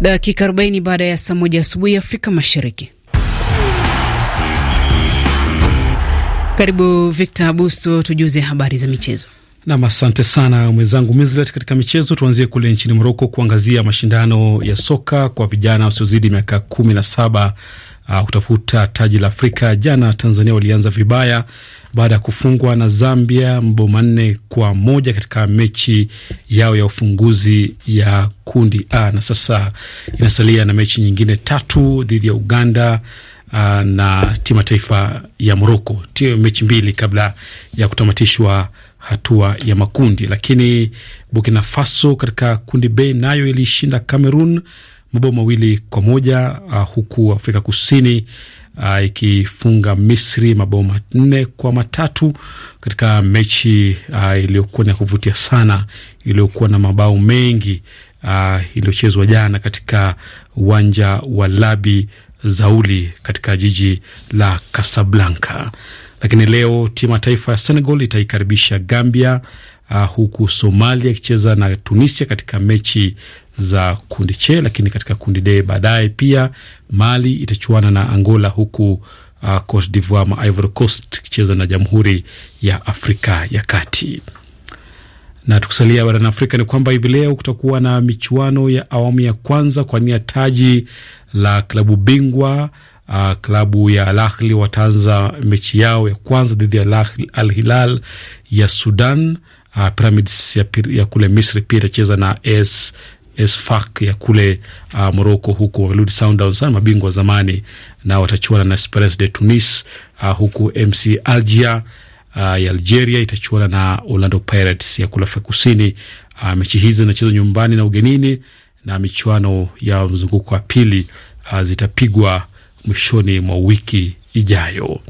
Dakika 40 baada ya saa moja asubuhi Afrika Mashariki. Karibu Victor Abuso, tujuze habari za michezo. Nam, asante sana mwenzangu Mislet. Katika michezo, tuanzie kule nchini Moroko kuangazia mashindano ya soka kwa vijana wasiozidi miaka kumi na saba uh, kutafuta taji la Afrika. Jana Tanzania walianza vibaya baada ya kufungwa na Zambia mabao manne kwa moja katika mechi yao ya ufunguzi ya kundi A, na sasa inasalia na mechi nyingine tatu dhidi ya Uganda na timu ya taifa ya Moroko, mechi mbili kabla ya kutamatishwa hatua ya makundi. Lakini Burkina Faso katika kundi B nayo ilishinda Cameroon mabao mawili kwa moja uh, huku Afrika Kusini uh, ikifunga Misri mabao manne kwa matatu katika mechi uh, iliyokuwa ni ya kuvutia sana iliyokuwa na mabao mengi uh, iliyochezwa jana katika uwanja wa Labi Zauli katika jiji la Casablanca. Lakini leo timu ya taifa ya Senegal itaikaribisha Gambia, uh, huku Somalia ikicheza na Tunisia katika mechi za kundi che, lakini katika kundi de baadaye pia Mali itachuana na Angola huku uh, Cote d'Ivoire Ivory Coast ikicheza na Jamhuri ya Afrika ya Kati. Na tukusalia barani Afrika ni kwamba hivi leo kutakuwa na michuano ya awamu ya kwanza kwa nia taji la klabu bingwa Uh, klabu ya Al wataanza mechi yao ya kwanza dhidi ya Al Hilal ya Sudan. Uh, Pyramids ya, ya kule Misri pia itacheza na AS Sfak ya kule uh, Moroko, huku wamerudi Sundowns mabingwa wa zamani, na watachuana na Esperance de Tunis uh, huku MC Alger uh, ya Algeria itachuana na Orlando Pirates ya kule Afrika Kusini. Uh, mechi hizi zinachezwa nyumbani na ugenini na michuano ya mzunguko wa pili uh, zitapigwa mwishoni mwa wiki ijayo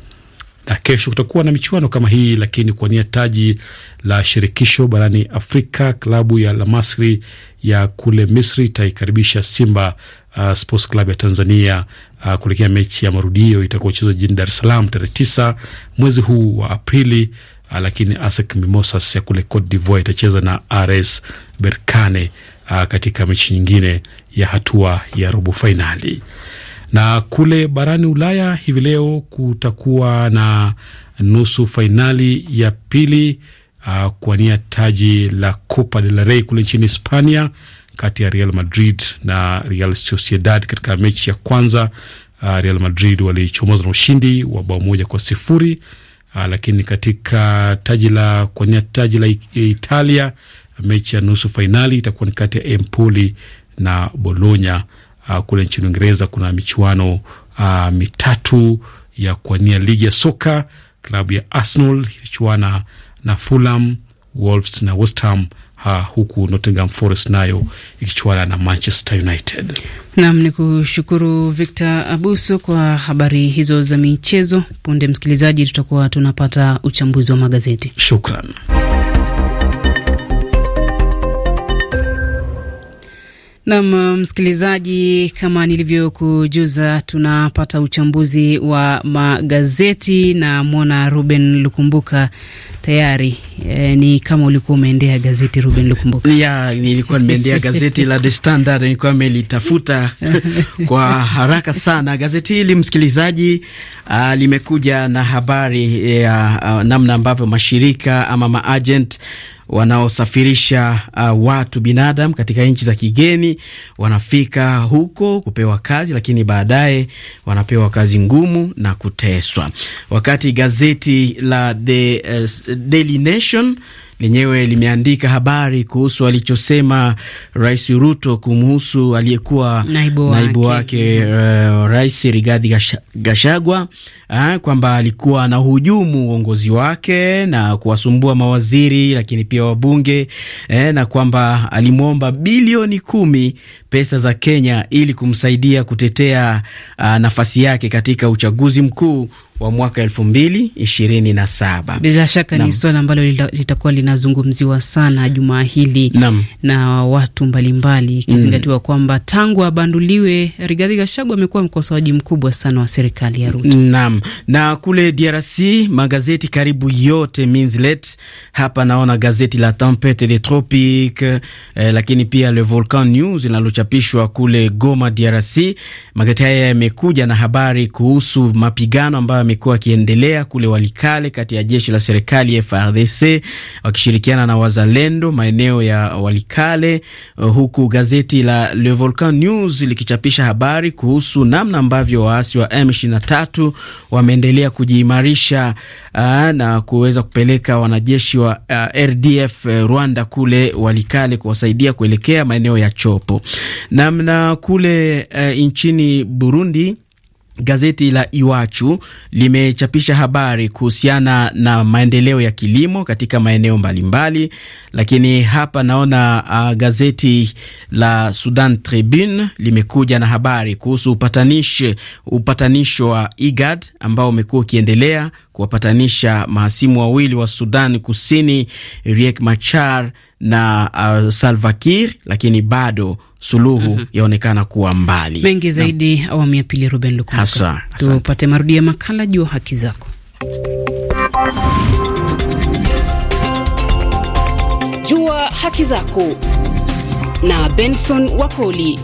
na kesho kutakuwa na michuano kama hii, lakini kuwania taji la shirikisho barani Afrika, klabu ya Lamasri ya kule Misri itaikaribisha Simba uh, Sports Club ya Tanzania uh, kuelekea mechi ya marudio itakuwa chezwa jijini Dar es Salaam tarehe tisa mwezi huu wa Aprili. Uh, lakini ASEC Mimosas ya kule Cote d'Ivoire itacheza na RS Berkane uh, katika mechi nyingine ya hatua ya robo fainali. Na kule barani Ulaya hivi leo kutakuwa na nusu fainali ya pili uh, kuwania taji la Copa del Rey kule nchini Hispania kati ya Real Madrid na Real Sociedad. Katika mechi ya kwanza uh, Real Madrid walichomoza na ushindi wa bao moja kwa sifuri. Uh, lakini katika taji la kuwania taji la Italia mechi ya nusu fainali itakuwa ni kati ya Empoli na Bologna uh, kule nchini Uingereza kuna michuano uh, mitatu ya kuwania ligi ya soka. Klabu ya Arsenal ilichuana na Fulham, Wolves na West Ham. Ha, ah, huku Nottingham Forest nayo ikichuana na Manchester United. Nam ni kushukuru Victor Abuso kwa habari hizo za michezo. Punde msikilizaji, tutakuwa tunapata uchambuzi wa magazeti. Shukran. Nam msikilizaji, kama nilivyokujuza, tunapata uchambuzi wa magazeti na mwona Ruben Lukumbuka tayari. E, ni kama ulikuwa umeendea gazeti Ruben Lukumbuka? Ya, nilikuwa nimeendea gazeti la The Standard, nilikuwa nimelitafuta kwa haraka sana. Gazeti hili msikilizaji, uh, limekuja na habari ya uh, namna ambavyo mashirika ama maagent wanaosafirisha uh, watu binadamu katika nchi za kigeni wanafika huko kupewa kazi, lakini baadaye wanapewa kazi ngumu na kuteswa. Wakati gazeti la The eh, Daily Nation lenyewe limeandika habari kuhusu alichosema Rais Ruto kumhusu aliyekuwa naibu, naibu wake, wake uh, Rais Rigathi uh, kwamba alikuwa anahujumu uongozi wake na kuwasumbua mawaziri lakini pia wabunge eh, na kwamba alimwomba bilioni kumi pesa za Kenya ili kumsaidia kutetea uh, nafasi yake katika uchaguzi mkuu wa mwaka elfu mbili ishirini na saba. Bila shaka ni swala ambalo litakuwa linazungumziwa sana jumaa hili na watu mbalimbali, ikizingatiwa mm. kwamba tangu abanduliwe Rigathi Gachagua amekuwa mkosoaji mkubwa sana wa serikali ya Ruto. Naam, na kule DRC magazeti karibu yote minslet, hapa naona gazeti la Tempete des Tropiques eh, lakini pia Le Volcan News linalochapishwa kule Goma, DRC. Magazeti haya yamekuja na habari kuhusu mapigano ambayo amekuwa akiendelea kule Walikale, kati ya jeshi la serikali frdc wakishirikiana na wazalendo maeneo ya Walikale, uh, huku gazeti la Le Volcan News likichapisha habari kuhusu namna ambavyo waasi wa M23 wameendelea kujiimarisha uh, na kuweza kupeleka wanajeshi wa uh, RDF uh, Rwanda kule Walikale kuwasaidia kuelekea maeneo ya Chopo namna kule uh, nchini Burundi Gazeti la Iwachu limechapisha habari kuhusiana na maendeleo ya kilimo katika maeneo mbalimbali, lakini hapa naona uh, gazeti la Sudan Tribune limekuja na habari kuhusu upatanishi upatanisho wa IGAD ambao umekuwa ukiendelea kuwapatanisha mahasimu wawili wa Sudan Kusini, Riek Machar na uh, Salva Kiir, lakini bado suluhu mm -hmm. yaonekana kuwa mbali. Mengi zaidi awamu ya pili, Ruben Lukumbuka, tupate marudio ya makala juu haki zako. Jua haki zako na Benson Wakoli.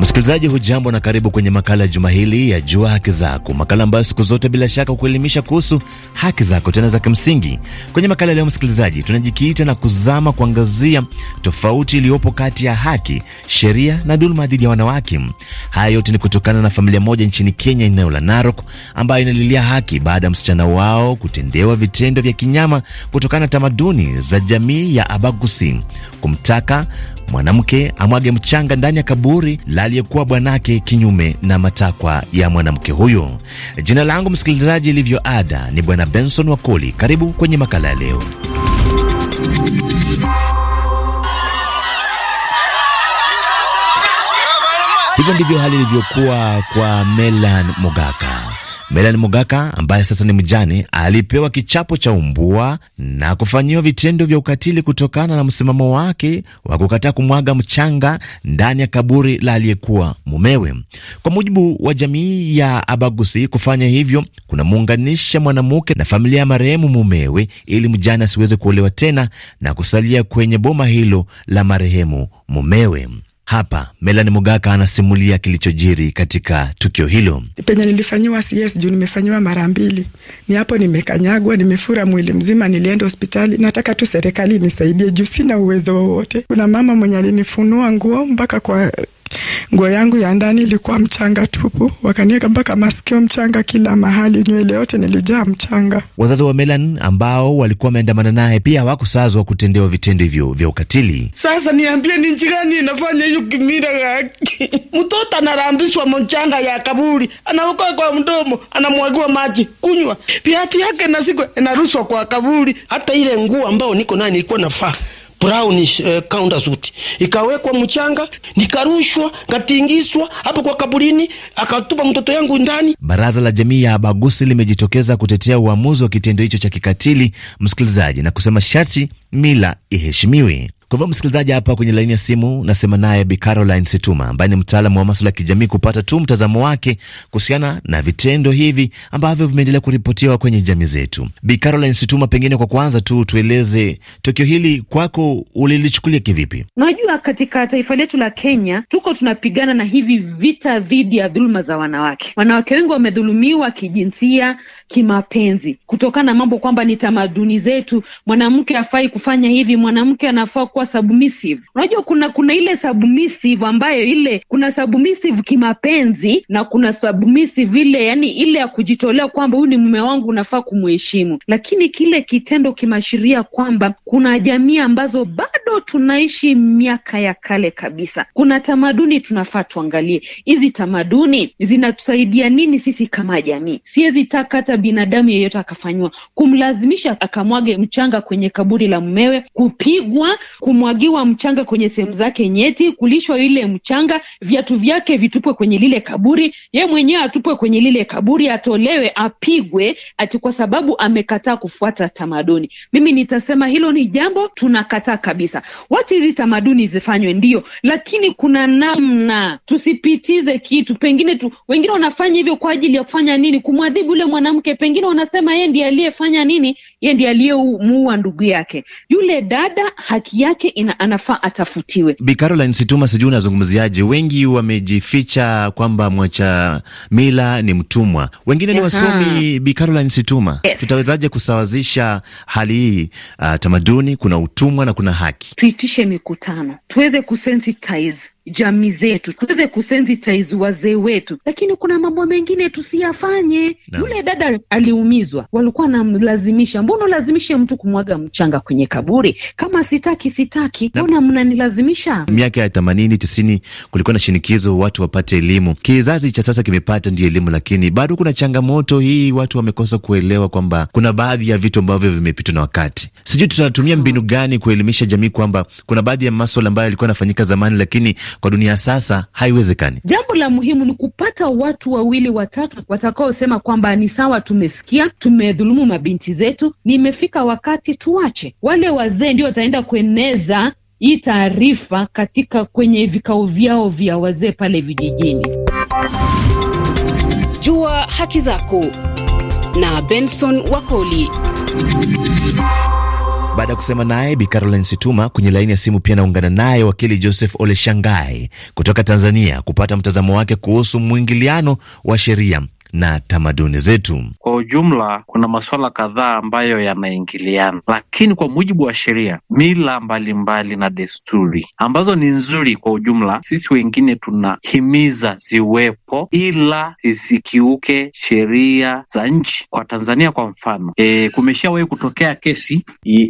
Msikilizaji, hujambo na karibu kwenye makala ya juma hili ya Jua Haki Zako, makala ambayo siku zote bila shaka kuelimisha kuhusu haki zako tena za kimsingi. Kwenye makala leo, msikilizaji, tunajikita na kuzama kuangazia tofauti iliyopo kati ya haki, sheria na dhuluma dhidi ya wanawake. Haya yote ni kutokana na familia moja nchini Kenya, eneo la Narok, ambayo inalilia haki baada ya msichana wao kutendewa vitendo vya kinyama kutokana na tamaduni za jamii ya Abagusi kumtaka mwanamke amwage mchanga ndani ya kaburi la aliyekuwa bwanake, kinyume na matakwa ya mwanamke huyo Jina langu msikilizaji, ilivyo ada, ni Bwana Benson Wakoli. Karibu kwenye makala ya leo. Hivyo ndivyo hali ilivyokuwa kwa Melan Mogaka Melan Mugaka ambaye sasa ni mjane alipewa kichapo cha umbua na kufanyiwa vitendo vya ukatili kutokana na msimamo wake wa kukataa kumwaga mchanga ndani ya kaburi la aliyekuwa mumewe. Kwa mujibu wa jamii ya Abagusi, kufanya hivyo kunamuunganisha mwanamke na familia ya marehemu mumewe, ili mjane asiweze kuolewa tena na kusalia kwenye boma hilo la marehemu mumewe. Hapa Melani Mugaka anasimulia kilichojiri katika tukio hilo. Penye nilifanyiwa CS juu nimefanyiwa mara mbili, ni hapo nimekanyagwa, nimefura mwili mzima, nilienda hospitali. Nataka tu serikali nisaidie juu sina uwezo wowote. Kuna mama mwenye alinifunua nguo mpaka kwa Nguo yangu ya ndani ilikuwa mchanga tupu, wakaniweka mpaka masikio mchanga kila mahali, nywele yote nilijaa mchanga. Wazazi wa Melan ambao walikuwa wameandamana naye pia hawakusazwa kutendewa vitendo hivyo vya ukatili. Sasa niambie, ni nchi gani inafanya hiyo kimira yake? Mtoto analambishwa mchanga ya kaburi, anaokoa kwa mdomo, anamwagiwa maji kunywa, viatu yake na inaruswa kwa kaburi. Hata ile nguo ambayo niko nayo nilikuwa nafaa brownish eh, kaunda zuti ikawekwa mchanga, nikarushwa ngatingiswa hapo kwa kabulini akatupa mtoto yangu ndani. Baraza la jamii ya Abagusi limejitokeza kutetea uamuzi wa kitendo hicho cha kikatili, msikilizaji, na kusema sharti mila iheshimiwi. Kwa hivyo msikilizaji, hapa kwenye laini ya simu nasema naye Bi Caroline Situma ambaye ni mtaalamu wa maswala ya kijamii, kupata tu mtazamo wake kuhusiana na vitendo hivi ambavyo vimeendelea kuripotiwa kwenye jamii zetu. Bi Caroline Situma, pengine kwa kwanza tu tueleze tukio hili kwako ulilichukulia kivipi? Unajua, katika taifa letu la Kenya tuko tunapigana na hivi vita dhidi ya dhuluma za wanawake. Wanawake wengi wamedhulumiwa kijinsia, kimapenzi, kutokana na mambo kwamba ni tamaduni zetu, mwanamke afai kufanya hivi, mwanamke anafaa kuwa submissive. Unajua kuna kuna ile submissive ambayo ile kuna submissive kimapenzi na kuna submissive ile yani ile ya kujitolea kwamba huyu ni mume wangu unafaa kumheshimu, lakini kile kitendo kimeashiria kwamba kuna jamii ambazo bado tunaishi miaka ya kale kabisa. Kuna tamaduni tunafaa tuangalie, hizi tamaduni zinatusaidia nini sisi kama jamii? Siwezi taka hata binadamu yeyote akafanywa kumlazimisha akamwage mchanga kwenye kaburi la mumewe, kupigwa, kumwagiwa mchanga kwenye sehemu zake nyeti, kulishwa ile mchanga, viatu vyake vitupwe kwenye lile kaburi, ye mwenyewe atupwe kwenye lile kaburi, atolewe, apigwe ati kwa sababu amekataa kufuata tamaduni. Mimi nitasema hilo ni jambo tunakataa kabisa. Wacha hizi tamaduni zifanywe, ndiyo, lakini kuna namna, tusipitize kitu. Pengine tu wengine wanafanya hivyo kwa ajili ya kufanya nini? Kumwadhibu yule mwanamke, pengine wanasema yeye ndiye aliyefanya nini, yeye ndiye aliyemuua ndugu yake yule dada haki yake ina, anafaa atafutiwe. Bi Caroline Situma, sijui unazungumziaje? Wengi wamejificha kwamba mwacha mila ni mtumwa, wengine ni wasomi. Bi Caroline Situma, yes. Tutawezaje kusawazisha hali hii? Uh, tamaduni kuna utumwa na kuna haki. Tuitishe mikutano tuweze kusensitize jamii zetu, tuweze kusensitize wazee wetu, lakini kuna mambo mengine tusiyafanye. Yule dada aliumizwa, walikuwa namlazimisha. Mbona ulazimishe mtu kumwaga mchanga kwenye kaburi? Kama sitaki sitaki, mbona mnanilazimisha? Miaka ya themanini tisini kulikuwa na shinikizo watu wapate elimu. Kizazi cha sasa kimepata ndio elimu, lakini bado kuna changamoto hii. Watu wamekosa kuelewa kwamba kuna baadhi ya vitu ambavyo vimepitwa na wakati. Sijui tutatumia mm. mbinu gani kuelimisha jamii kwamba kuna baadhi ya maswala ambayo yalikuwa yanafanyika zamani, lakini kwa dunia sasa haiwezekani. Jambo la muhimu ni kupata watu wawili watatu watakaosema kwamba ni sawa, tumesikia, tumedhulumu mabinti zetu, nimefika wakati tuache. Wale wazee ndio wataenda kueneza hii taarifa katika kwenye vikao vyao vya wazee pale vijijini. Jua haki zako na Benson Wakoli. Baada ya kusema naye Bi Caroline Situma kwenye laini ya simu, pia naungana naye wakili Joseph Ole Shangai kutoka Tanzania kupata mtazamo wake kuhusu mwingiliano wa sheria na tamaduni zetu kwa ujumla. Kuna masuala kadhaa ambayo yanaingiliana, lakini kwa mujibu wa sheria, mila mbalimbali mbali na desturi ambazo ni nzuri kwa ujumla, sisi wengine tunahimiza ziwepo, ila zisikiuke sheria za nchi. Kwa Tanzania kwa mfano, e, kumeshawahi kutokea kesi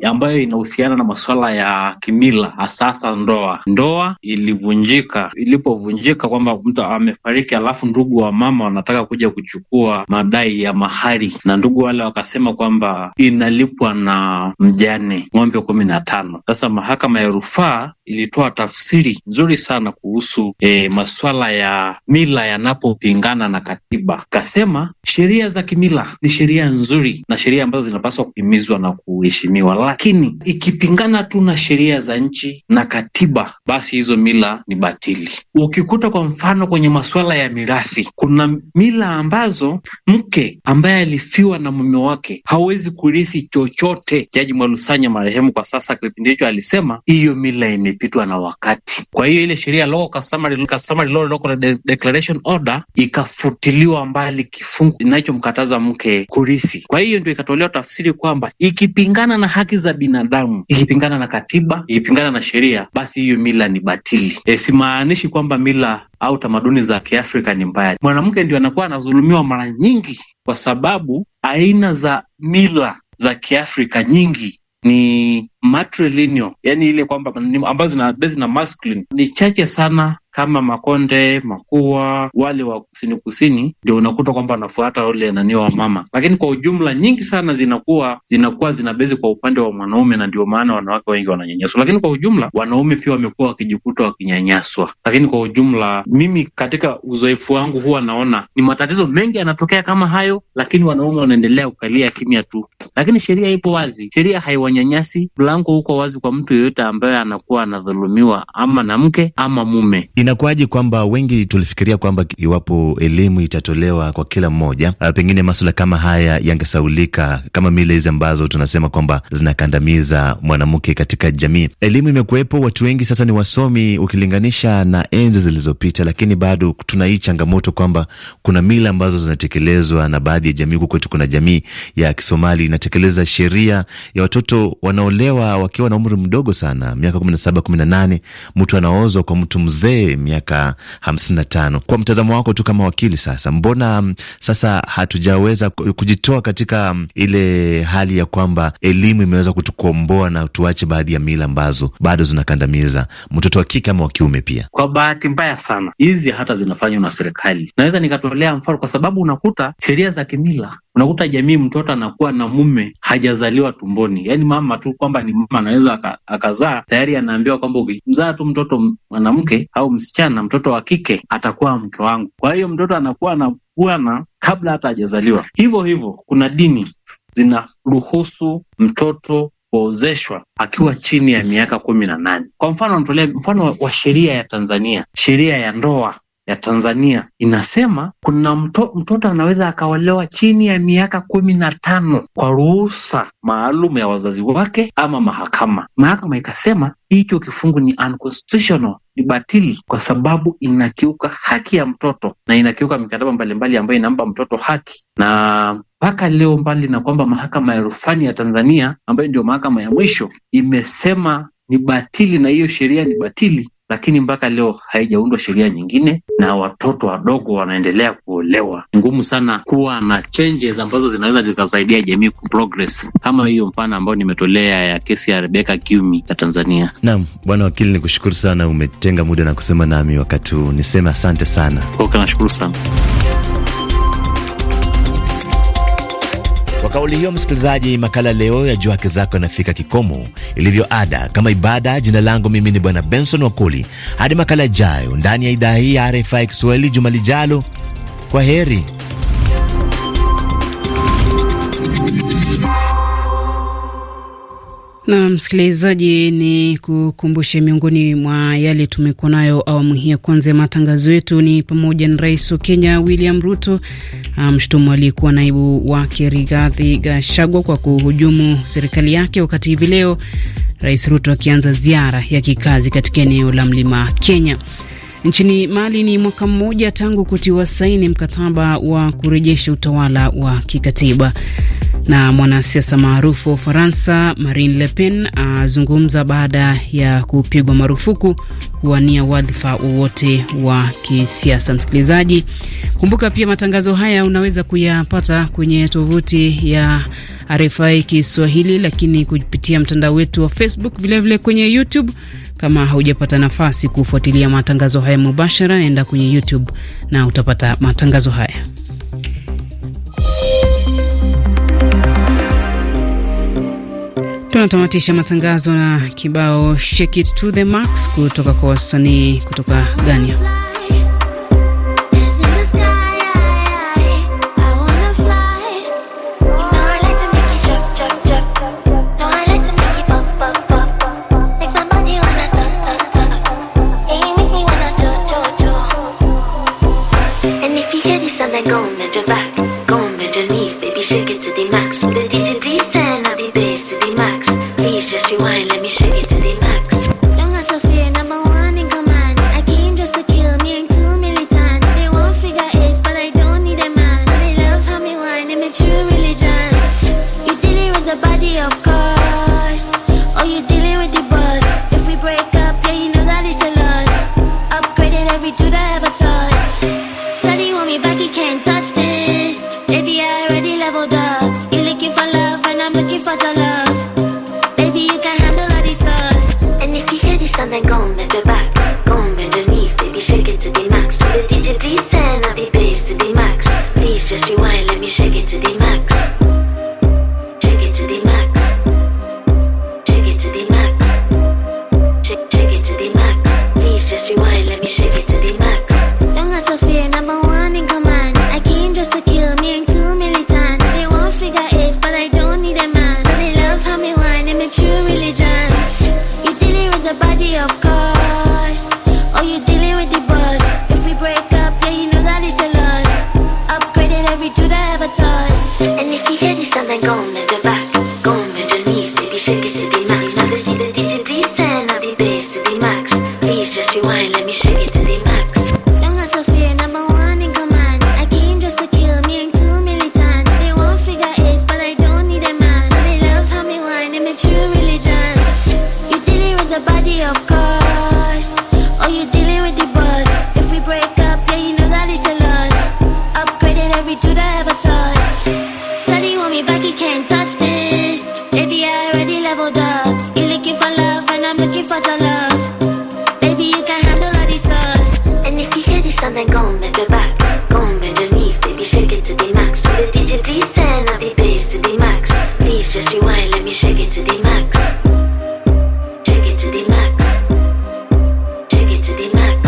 ambayo inahusiana na masuala ya kimila, hasasa ndoa. Ndoa ilivunjika, ilipovunjika kwamba mtu amefariki, alafu ndugu wa mama wanataka kuja kuchu kuchukua madai ya mahari, na ndugu wale wakasema kwamba inalipwa na mjane ng'ombe kumi na tano. Sasa mahakama ya rufaa ilitoa tafsiri nzuri sana kuhusu e, eh, masuala ya mila yanapopingana na katiba, kasema sheria za kimila ni sheria nzuri na sheria ambazo zinapaswa kuhimizwa na kuheshimiwa, lakini ikipingana tu na sheria za nchi na katiba, basi hizo mila ni batili. Ukikuta kwa mfano kwenye masuala ya mirathi kuna mila ambazo ambazo mke ambaye alifiwa na mume wake hawezi kurithi chochote. Jaji Mwalusanya marehemu kwa sasa, kipindi hicho alisema hiyo mila imepitwa na wakati. Kwa hiyo ile sheria law, customary, customary law local declaration order ikafutiliwa mbali kifungu inachomkataza mke kurithi. Kwa hiyo ndio ikatolewa tafsiri kwamba ikipingana na haki za binadamu, ikipingana na katiba, ikipingana na sheria, basi hiyo mila ni batili. E, simaanishi kwamba mila au tamaduni za Kiafrika ni mbaya. Mwanamke ndio anakuwa anadhulumiwa mara nyingi, kwa sababu aina za mila za Kiafrika nyingi ni matrilineal, yani ile kwamba ambazo zina base na masculine ni chache sana kama Makonde, Makua, wale wa kusini kusini, ndio unakuta kwamba wanafuata ule nani wa mama, lakini kwa ujumla nyingi sana zinakuwa zinakuwa zinabezi kwa upande wa mwanaume, na ndio maana wanawake wengi wananyanyaswa. Lakini kwa ujumla wanaume pia wamekuwa wakijikuta wakinyanyaswa, lakini kwa ujumla, mimi katika uzoefu wangu huwa naona ni matatizo mengi yanatokea kama hayo, lakini wanaume wanaendelea kukalia kimya tu. Lakini sheria ipo wazi, sheria haiwanyanyasi, mlango huko wazi kwa mtu yeyote ambaye anakuwa anadhulumiwa ama na mke ama mume Ina inakuwaje kwamba wengi tulifikiria kwamba iwapo elimu itatolewa kwa kila mmoja, ah, pengine maswala kama haya yangesaulika, kama mila hizi ambazo tunasema kwamba zinakandamiza mwanamke katika jamii. Elimu imekuwepo, watu wengi sasa ni wasomi ukilinganisha na enzi zilizopita, lakini bado tuna hii changamoto kwamba kuna mila ambazo zinatekelezwa na baadhi ya jamii. kwetu kuna jamii ya Kisomali inatekeleza sheria ya watoto wanaolewa wakiwa na umri mdogo sana, miaka kumi na saba, kumi na nane, mtu anaozwa kwa mtu mzee upate miaka hamsini na tano. Kwa mtazamo wako tu kama wakili sasa, mbona mm, sasa hatujaweza kujitoa katika mm, ile hali ya kwamba elimu imeweza kutukomboa na tuache baadhi ya mila ambazo bado zinakandamiza mtoto wa kike ama wa kiume pia? Kwa bahati mbaya sana hizi hata zinafanywa na serikali. Naweza nikatolea mfano, kwa sababu unakuta sheria za kimila Unakuta jamii, mtoto anakuwa na mume hajazaliwa tumboni, yaani mama tu kwamba ni mama anaweza akazaa, tayari anaambiwa kwamba ukimzaa tu mtoto mwanamke au msichana, mtoto wa kike atakuwa mke wangu. Kwa hiyo mtoto anakuwa na bwana kabla hata hajazaliwa. Hivyo hivyo, kuna dini zinaruhusu mtoto kuozeshwa akiwa chini ya miaka kumi na nane. Kwa mfano, natolea mfano wa sheria ya Tanzania, sheria ya ndoa ya Tanzania inasema kuna mto, mtoto anaweza akaolewa chini ya miaka kumi na tano kwa ruhusa maalum ya wazazi wake ama mahakama. Mahakama ikasema hicho kifungu ni unconstitutional, ni batili kwa sababu inakiuka haki ya mtoto na inakiuka mikataba mbalimbali ambayo inampa mtoto haki na mpaka leo, mbali na kwamba mahakama ya rufani ya Tanzania ambayo ndio mahakama ya mwisho imesema ni batili na hiyo sheria ni batili, lakini mpaka leo haijaundwa sheria nyingine, na watoto wadogo wanaendelea kuolewa. Ni ngumu sana kuwa na changes ambazo zinaweza zikasaidia jamii ku kama hiyo mfano ambayo nimetolea ya kesi ya rebeka Kiumi ya Tanzania. Naam, bwana wakili, ni kushukuru sana, umetenga muda na kusema nami wakati huu. Niseme asante sana. Okay, nashukuru sana. kauli hiyo, msikilizaji, makala leo ya Jua Haki Zako yanafika kikomo. Ilivyo ada, kama ibada, jina langu mimi ni Bwana Benson wakuli Hadi makala ijayo ndani ya idhaa hii ya RFI Kiswahili juma lijalo, kwa heri. Na msikilizaji, ni kukumbushe miongoni mwa yale tumekuwa nayo awamu hii ya kwanza ya matangazo yetu ni pamoja na rais wa Kenya William Ruto mshutumu um, aliyekuwa naibu wake Rigathi Gachagua kwa kuhujumu serikali yake, wakati hivi leo Rais Ruto akianza ziara ya kikazi katika eneo la mlima Kenya. Nchini Mali ni mwaka mmoja tangu kutiwa saini mkataba wa kurejesha utawala wa kikatiba. Na mwanasiasa maarufu wa Ufaransa Marine Le Pen azungumza baada ya kupigwa marufuku kuwania wadhifa wowote wa kisiasa. Msikilizaji, kumbuka pia matangazo haya unaweza kuyapata kwenye tovuti ya RFI Kiswahili, lakini kupitia mtandao wetu wa Facebook, vilevile vile kwenye YouTube. Kama haujapata nafasi kufuatilia matangazo haya mubashara, naenda kwenye YouTube na utapata matangazo haya. Tunatamatisha matangazo na kibao Shake It to the Max kutoka kwa wasanii kutoka Ghana. Just rewind, let me shake it to the max. to the max. Will the DJ please turn up the bass to the max? Please just rewind, let me shake it to the max. Shake it to the max. Shake it to the max.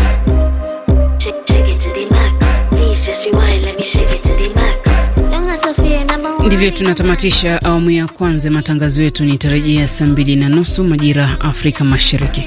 Shake, shake it to the max. Please just rewind, let me shake it to the max. Ndivyo tunatamatisha awamu ya kwanza matangazo yetu. tarajia saa mbili na nusu majira Afrika Mashariki.